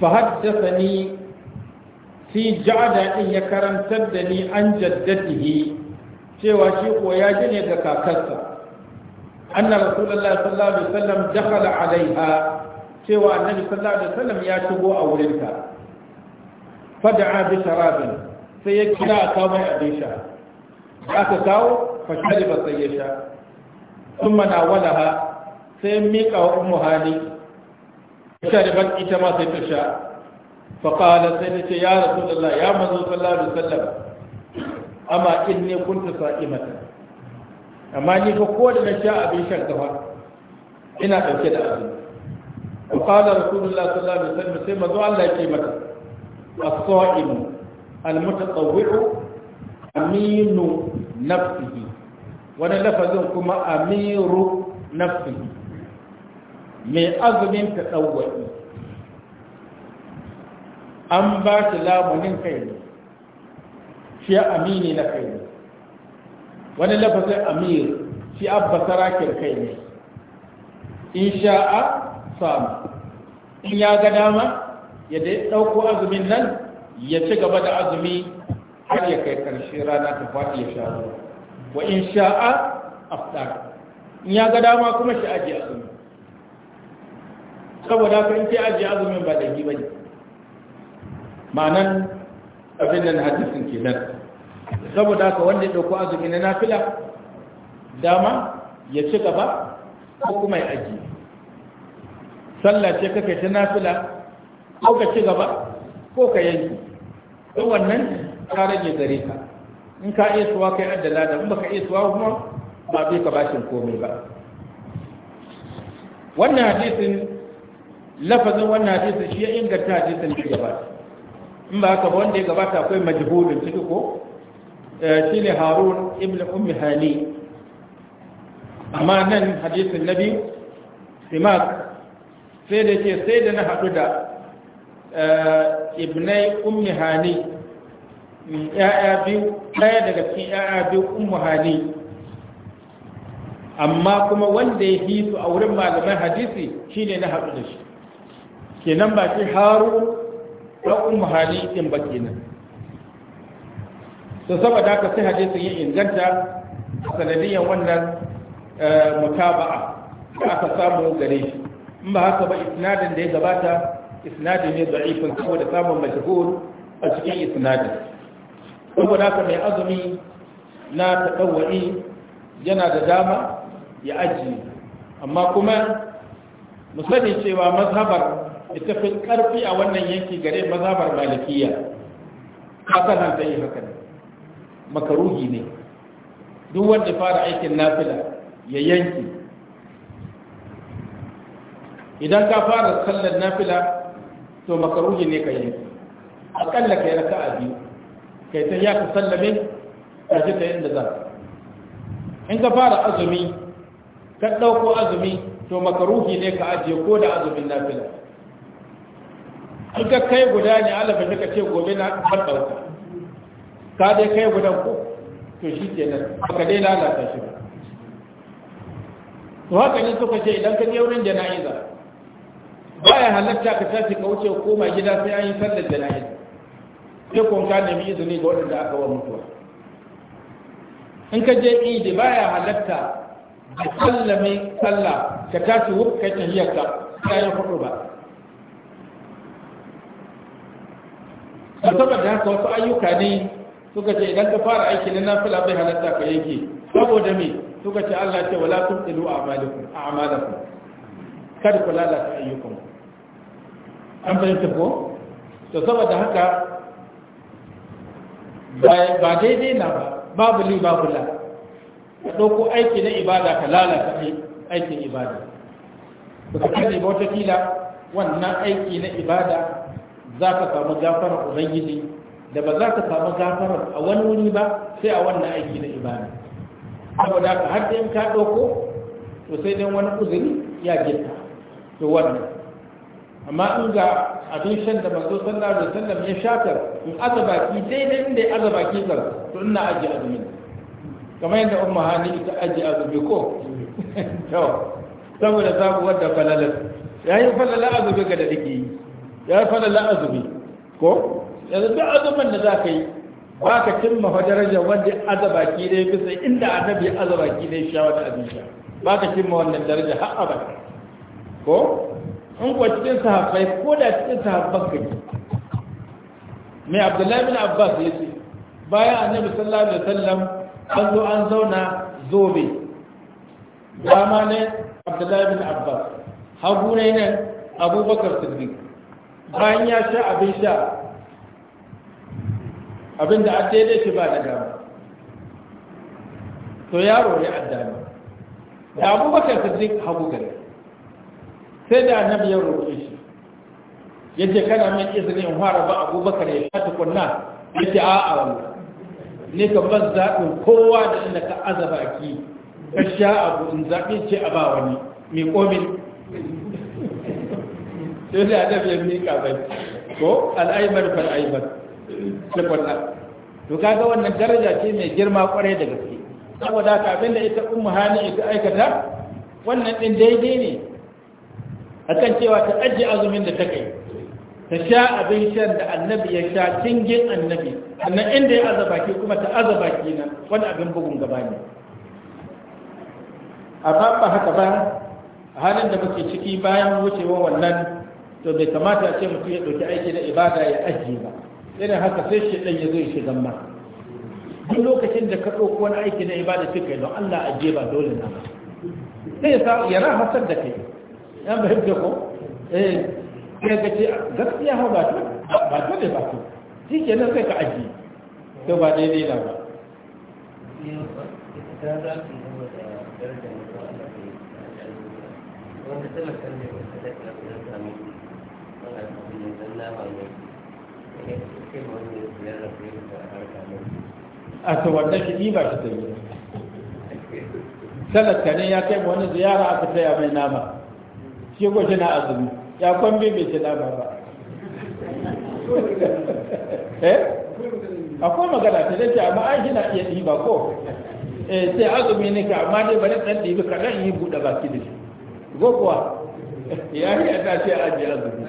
فحدثني في ya karantar da ni an جدته cewa shi kuwa ya ji ne ga kakarsa anna rasulullahi sallallahu alaihi wasallam dakhala alaiha cewa annabi sallallahu alaihi wasallam ya shigo a wurinta fada'a bi sharabin sai ya kira a kawo mai abin sha aka kawo فشرب سيشا ثم ناولها سيميك أو أمها لي فشربت إتما سيتشا فقال سيدك يا رسول الله يا من صلى الله عليه وسلم أما إني كنت صائمة أما إني فقول ما شاء بشك دفع إنا فكدا وقال رسول الله صلى الله عليه وسلم سيما دعا الله كيما الصائم المتطوع أمين نفسه wani lafazin kuma amiru nafsi mai azumin ta ɗauwaɗi an ba shi lamunin kai ne shi amini na kai ne wani lafazin amir shi abba sarakin kai ne in sha'a samu in ya ga dama ya dai ɗauko azumin nan ya ci gaba da azumi har ya kai ƙarshe rana ta faɗi ya sha'a. wa in sha'a aftar in ya ga dama kuma shi ajiye azumi saboda ka in ce ajiye azumin ba da yi ba ne ma'anan abin nan hadisin ke nan saboda ka wanda ya ɗauko azumi na nafila dama ya ci gaba ko kuma ya ajiye sallah ce kake ta nafila ko ka ci gaba ko ka yanki wannan ta rage gare ka in ka iya suwa kai adda ladan in baka iya suwa kuma ba bai ka bashin komai ba wannan hadisin lafazin wannan hadisin shi ya inganta hadisin da gabata in ba haka ba wanda ya gabata akwai majhulun ciki ko eh, shi ne harun ibn ummi hani amma nan hadisin nabi simak sai da ke sai da na haɗu da eh, ibnai ummi hani ‘ya'ya biyu ɗaya daga cikin ‘ya'ya biyu ummu hali amma kuma wanda ya yi su a wurin malaman hadisi shine na haɗu da shi kenan ba shi haru ɗan ummu hali ɗin ba kenan to saboda haka sai hadisin ya inganta sanadiyan wannan eh, mutaba'a da aka samu gare shi in ba haka ba isnadin da ya gabata isnadi ne da'ifin saboda samun mashhur a cikin isnadin saboda ka mai azumi na taɗawa'i yana da dama ya ajiye amma kuma musani cewa mazhabar ita fi ƙarfi a wannan yanki gare mazhabar malikiya haka nan ta yi haka ne makaruhi ne duk wanda fara aikin nafila ya yanki idan ka fara sallar nafila to makaruhi ne ka yanki aƙalla ka yi raka'a biyu kai ta ya ka sallame ka ji ta inda za in ka fara azumi ka ɗauko azumi to makaruhi ne ka ajiye ko da azumin nafila in ka kai guda ne alafin ka ce gobe na bar ɗauka ka dai kai gudan ko to shi ke nan baka dai lalata shi ba to haka ne suka ce idan ka je wurin jana'iza ya halatta ka tashi ka wuce koma gida sai an yi sallar jana'iza sai kun ka nemi izini ga waɗanda aka wa mutuwa in ka je idi ba ya halatta ka sallame sallah ka tashi wuf kai tahiyarka ka yi hudu ba saboda haka wasu ayyuka ne suka ce idan ka fara aiki na nafila bai halatta ka yanke saboda me suka ce Allah ce wala a a'malakum ku, kada ku lalata ayyukan an fahimta ko to saboda haka ba daidai na ba babu li babu la ka ɗauko aiki na ibada ka lalata aikin ibada ka kare ba kila wannan aiki na ibada za ka samu gafara ubangiji da ba za ka samu gafara a wani wuri ba sai a wannan aiki na ibada saboda ka har da in ka ɗauko to sai don wani uzuri ya gita to wannan amma in ga abin shan da manzo sallallahu alaihi wasallam ya shatar in aza baki daidai inda ya aza baki zar to ina aji azumi kamar yadda umma hani ita aji azumi ko (laughs) to saboda za ku wadda falalar ya yi falalar azumi ga da dake yi ya yi falalar azumi ko yanzu duk azumin da za ka yi ba ka cimma fadarajar wanda aza baki dai bisa inda annabi aza baki dai sha wata abin sha ba ka cimma wannan daraja har abada ko in kuwa cikin sahabbai ko da cikin sahabban kai mai abdullahi bin abbas ya ce bayan annabi sallallahu alaihi wasallam an zo an zauna zobe dama ne abdullahi bin abbas hagu ne nan abubakar sirri bayan ya sha abin sha abin da an daidai shi ba da dama to yaro ne an dama da abubakar sirri hagu gari sai da annabi ya roƙe shi yace kana min izini in fara ba abubakar ya sha tukunna yace a'a wallahi ne ka ban zaɓin kowa da inda ka azaba ki ka sha abu in zaɓe ce a ba wani mai komin sai da annabi ya miƙa bai ko al'aibar fal'aibar da Tukunna. to kaga wannan daraja ce mai girma kwarai da gaske saboda ka abinda ita ummu hani ita aikata wannan din daidai ne akan cewa ta ajiye azumin da ta kai ta sha abin shan da annabi ya sha cingin annabi Annan inda ya azaba ke kuma ta azaba ke na, wani abin bugun gaba ne a ba haka ba a halin da muke ciki bayan wucewa wannan to bai kamata a ce mutum ya ɗauki aiki na ibada ya ajiye ba irin haka sai shi ɗan ya zo ya shigan ma duk lokacin da ka ɗauko wani aiki na ibada sai kai don Allah ajiye ba dole na ba sai ya sa ya rahasar da kai ya fahimta ko eh ke ga ce gaskiya ha ba to ba to ne ba to shi nan sai ka aji to ba dai dai la ba a to wanda shi ɗi ba shi ta yi talaka ne ya kai wani ziyara aka taya mai nama ke gwaje na azumi ya kwambe bai ce laba ba eh akwai magana ta dace amma ai na iya ɗiba ko eh sai azumi ne ka amma dai bari ɗan ka ɗan yi buɗe baki da shi ko kuwa ya yi a ta ce a ajiye azumi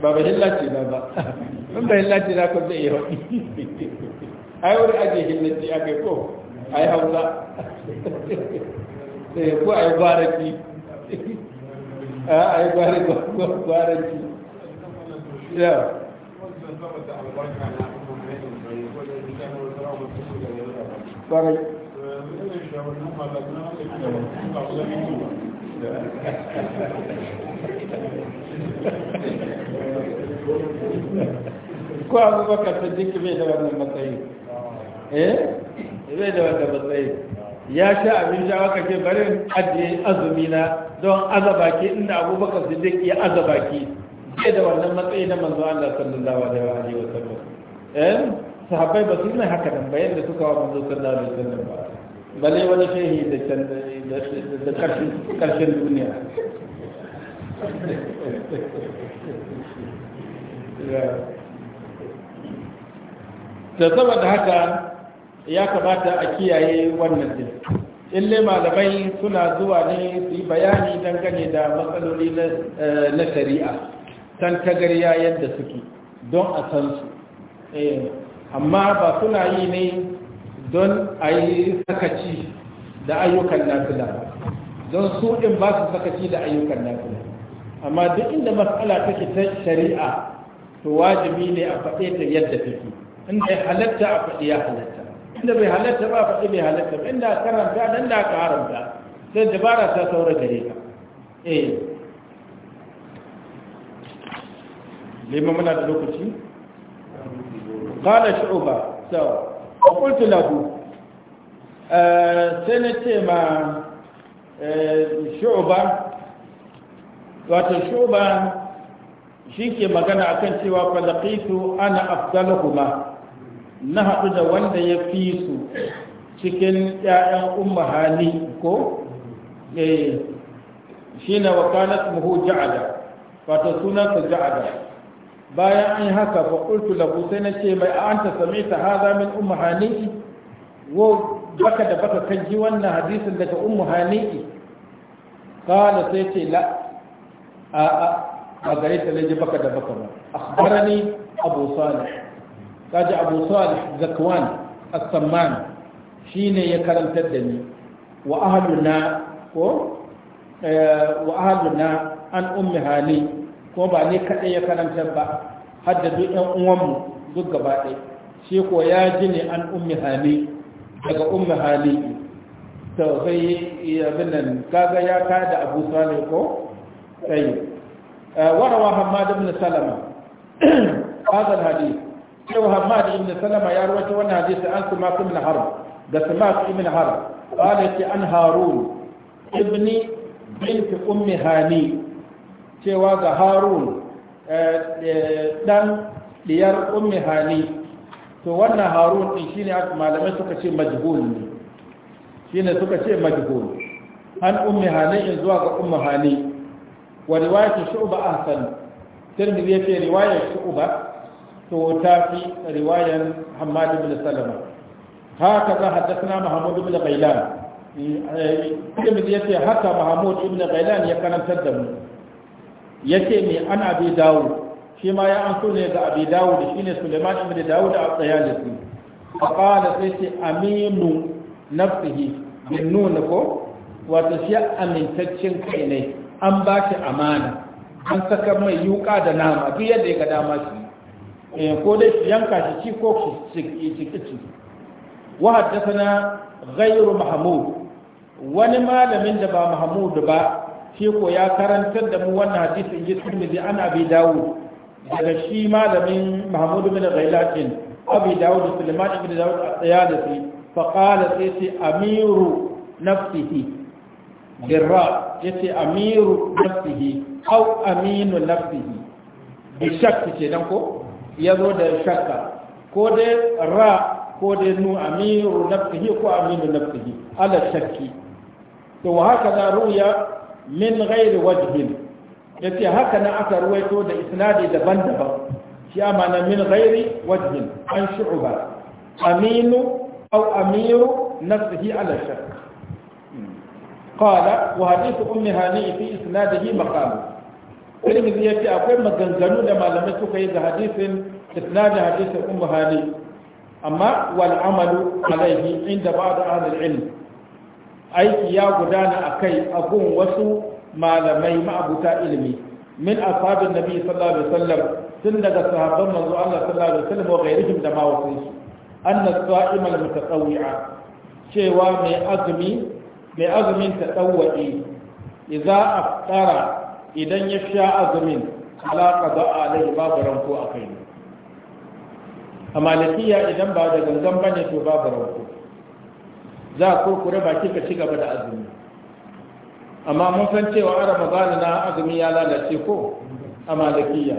ba ba hin ce na ba in ba hilla na ko zai yi hau ai wani ajiye hilla ce a kai ko ai hausa Eh, ko a yi gwaranci eh, ya ko abubakar ta da wannan matsayi eh da wannan matsayi ya sha abin sha waka ce bari ajiye azumi na don azabaki inda abubakar siddiq ya azabaki sai da wannan matsayi na manzo Allah sallallahu alaihi wa sallam eh sahabbai ba su mai haka nan bayan da suka wa manzo sallallahu alaihi wa sallam ba bale wani shehi da can da karshen karshen duniya da (laughs) saboda haka ya kamata a kiyaye wannan din illai malamai suna zuwa ne su yi bayani dangane da matsaloli na eh, shari'a san tagariya yadda suke don a san su eh, amma ba suna yi ne don a yi sakaci da ayyukan nafila don su in ba su sakaci da ayyukan nafila amma duk inda matsala take ta shari'a to wajibi ne a faɗe ta yadda take inda ya halatta a faɗi ya halatta inda bai halatta ba faɗi bai halatta ba inda karanta dan da aka haramta sai dabara ta saura gare ka eh lima muna da lokaci qala shu'ba sawa wa qultu lahu eh, sai na ce ma eh, shu'ba wato shu'ba shi ke magana akan cewa falaqitu ana afdaluhuma na haɗu da wanda ya fi su cikin ‘ya'yan umma hali ko eh, shi na wakanat muhu ja'ada wato sunansa ja'ada bayan an yi haka faƙultu lagu sai na ce mai an ta sami ta haza min umma hali wo baka da baka kan ji wannan hadisin daga umma hali kala sai ce la a a a gare ta ji baka da baka ba akhbarani abu salih kaji abu salih zakwan as-samman shine ya karantar da ni wa ahluna ko eh, wa ahluna an ummi hali ko ba ne kadai ya karantar ba har da duk ɗan uwanmu duk gaba ɗaya shi ko ya ji ne an ummi hali daga ummi hali to sai ya nan kaga ya da abu salih ko tsayi eh, warawa hamad ibn salama هذا (coughs) الحديث cewa hamad ibn salama ya rawaita wannan hadisi an kuma ibn harb da samak ibn harb qala ki an harun ibni bint ummi hani cewa ga harun eh, eh, dan diyar ummi hani to wannan harun din shine malamai suka ce majhul ne shine suka ce majhul an ummi hani zuwa ga ummi hani wa riwayatu shu'ba ahsan tirmidhi yake riwayar shu'ba to ta fi riwayar hamad bin salama haka za haddasna mahmud ibn ghailan ibn yace haka Muhammad bin ghailan ya karantar da mu yace me an abi dawud shi ma ya anso ne ga abi dawud ne suleiman bin dawud al-qayalisi faqala sai ce aminu nafsihi bin nuna ko wato shi amintaccen kai ne an ba shi amana an saka mai yuka da nama duk yadda ya ga dama shi Eh, ko dai su yanka shi ci ko su ci wa haddathana ghayru mahmud wani malamin da ba mahmud ba shi ko ya karantar da mu wannan hadisin ya tirmidhi ana bi dawo daga shi malamin mahmud bin ghailatin abi dawo da sulaiman ibn dawo a da shi fa qala sai amiru nafsihi birra yace amiru nafsihi aw aminu nafsihi bi shakki dan ko ya da shakka ko dai ra ko dai nu amiru nafsihi ko aminu nafsihi ala shakki to wa haka na ruya min ghairi wajhin yace haka na aka ruwaito da isnadi daban-daban shi amana min ghairi wajhin an shu'ba aminu aw amiru nafsihi ala shakk قال وحديث أم هاني في إسناده مقام mai ya ce akwai maganganu da malamai suka yi ga hadisin da hadisin ummu hali amma wal'amalu amalu alaihi inda ba da ahli ilm aiki ya gudana a kai abun wasu malamai ma'abuta ilimi min ashabin nabi sallallahu alaihi wasallam tun daga sahabban manzo Allah sallallahu alaihi wasallam wa ghairihim da ma wasu anna as mutatawwia cewa mai azumi mai azumin tatawwi idza aftara idan ya sha azumin alaƙa ba a alai babu ranko a kai ne a malakiya idan ba da gangan bane to babu ranko za a kurkure ba kika ci gaba da azumi amma mun san cewa a ramadana na azumi ya lalace ko a malakiya.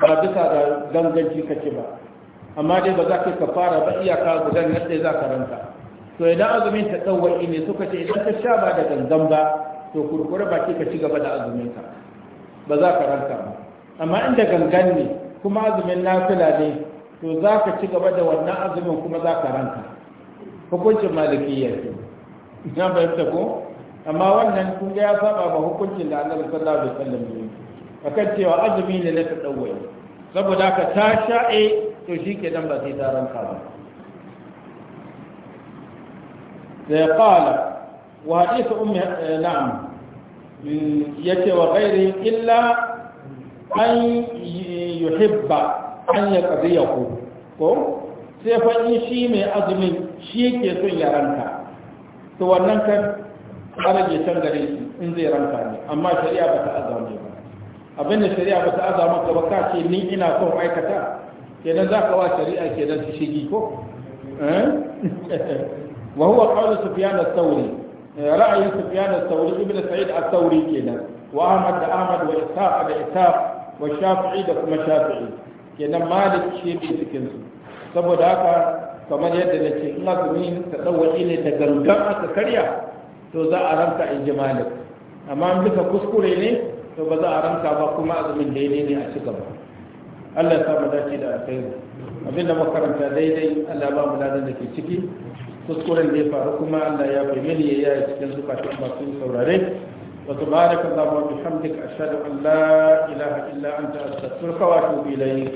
ba duka da ganganci kake ba amma dai ba za ka kafara ba iyaka gudan nan za ka ranta to idan azumin ta tsawai ne suka ce idan ka sha ba da gangan ba to kurkure baki ka ci gaba da azumin ka ba za ka ranka ba amma inda gangan ne kuma azumin nafila ne to za ka ci gaba da wannan azumin kuma za ka ranka hukuncin malikiyya ce na fahimta ko amma wannan kun ga ya saba ba hukuncin da annabi sallallahu alaihi wasallam yi akan cewa azumi ne na tadawwai saboda ka ta sha'e eh, to shikenan ba sai ta ranka ba sai qala وحديث hadisa نعم يتي yace wa ghairi illa an yuhibba an yaqdiyahu ko sai fa شيء shi mai azumin shi son to wannan kan alaje can gare shi in zai ranka ne amma shari'a ba ta azama ba abin da shari'a ba ta azama ba ka ni ina son aikata kenan za ka wa shari'a kenan shi shigi ko wa huwa qawlu sufyan ath-thawri ra'ayin sufyan as-sauri ibn sa'id as-sauri kenan wa ahmad da ahmad wa ishaq da ishaq wa shafi'i da kuma shafi'i kenan malik shi ne cikin su saboda haka kamar yadda na ce in azumi ta dawaki ne da gangan aka karya to za a ranta in ji malik amma bisa kuskure ne to ba za a ranta ba kuma azumin daidai ne a ci gaba Allah ya sa dace da alkhairi abinda makaranta daidai Allah ba mu da ke ciki تذكرن دي فاركما الله يا بيمن يا يسكن سبا تنبا سن وتبارك الله وبحمدك أشهد أن لا إله إلا أنت أستغفرك وأتوب إليك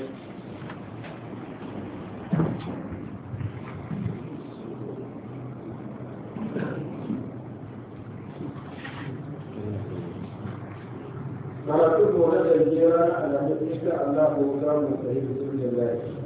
فلا تكون الجيران على مثلك الله وكرم وسيد الله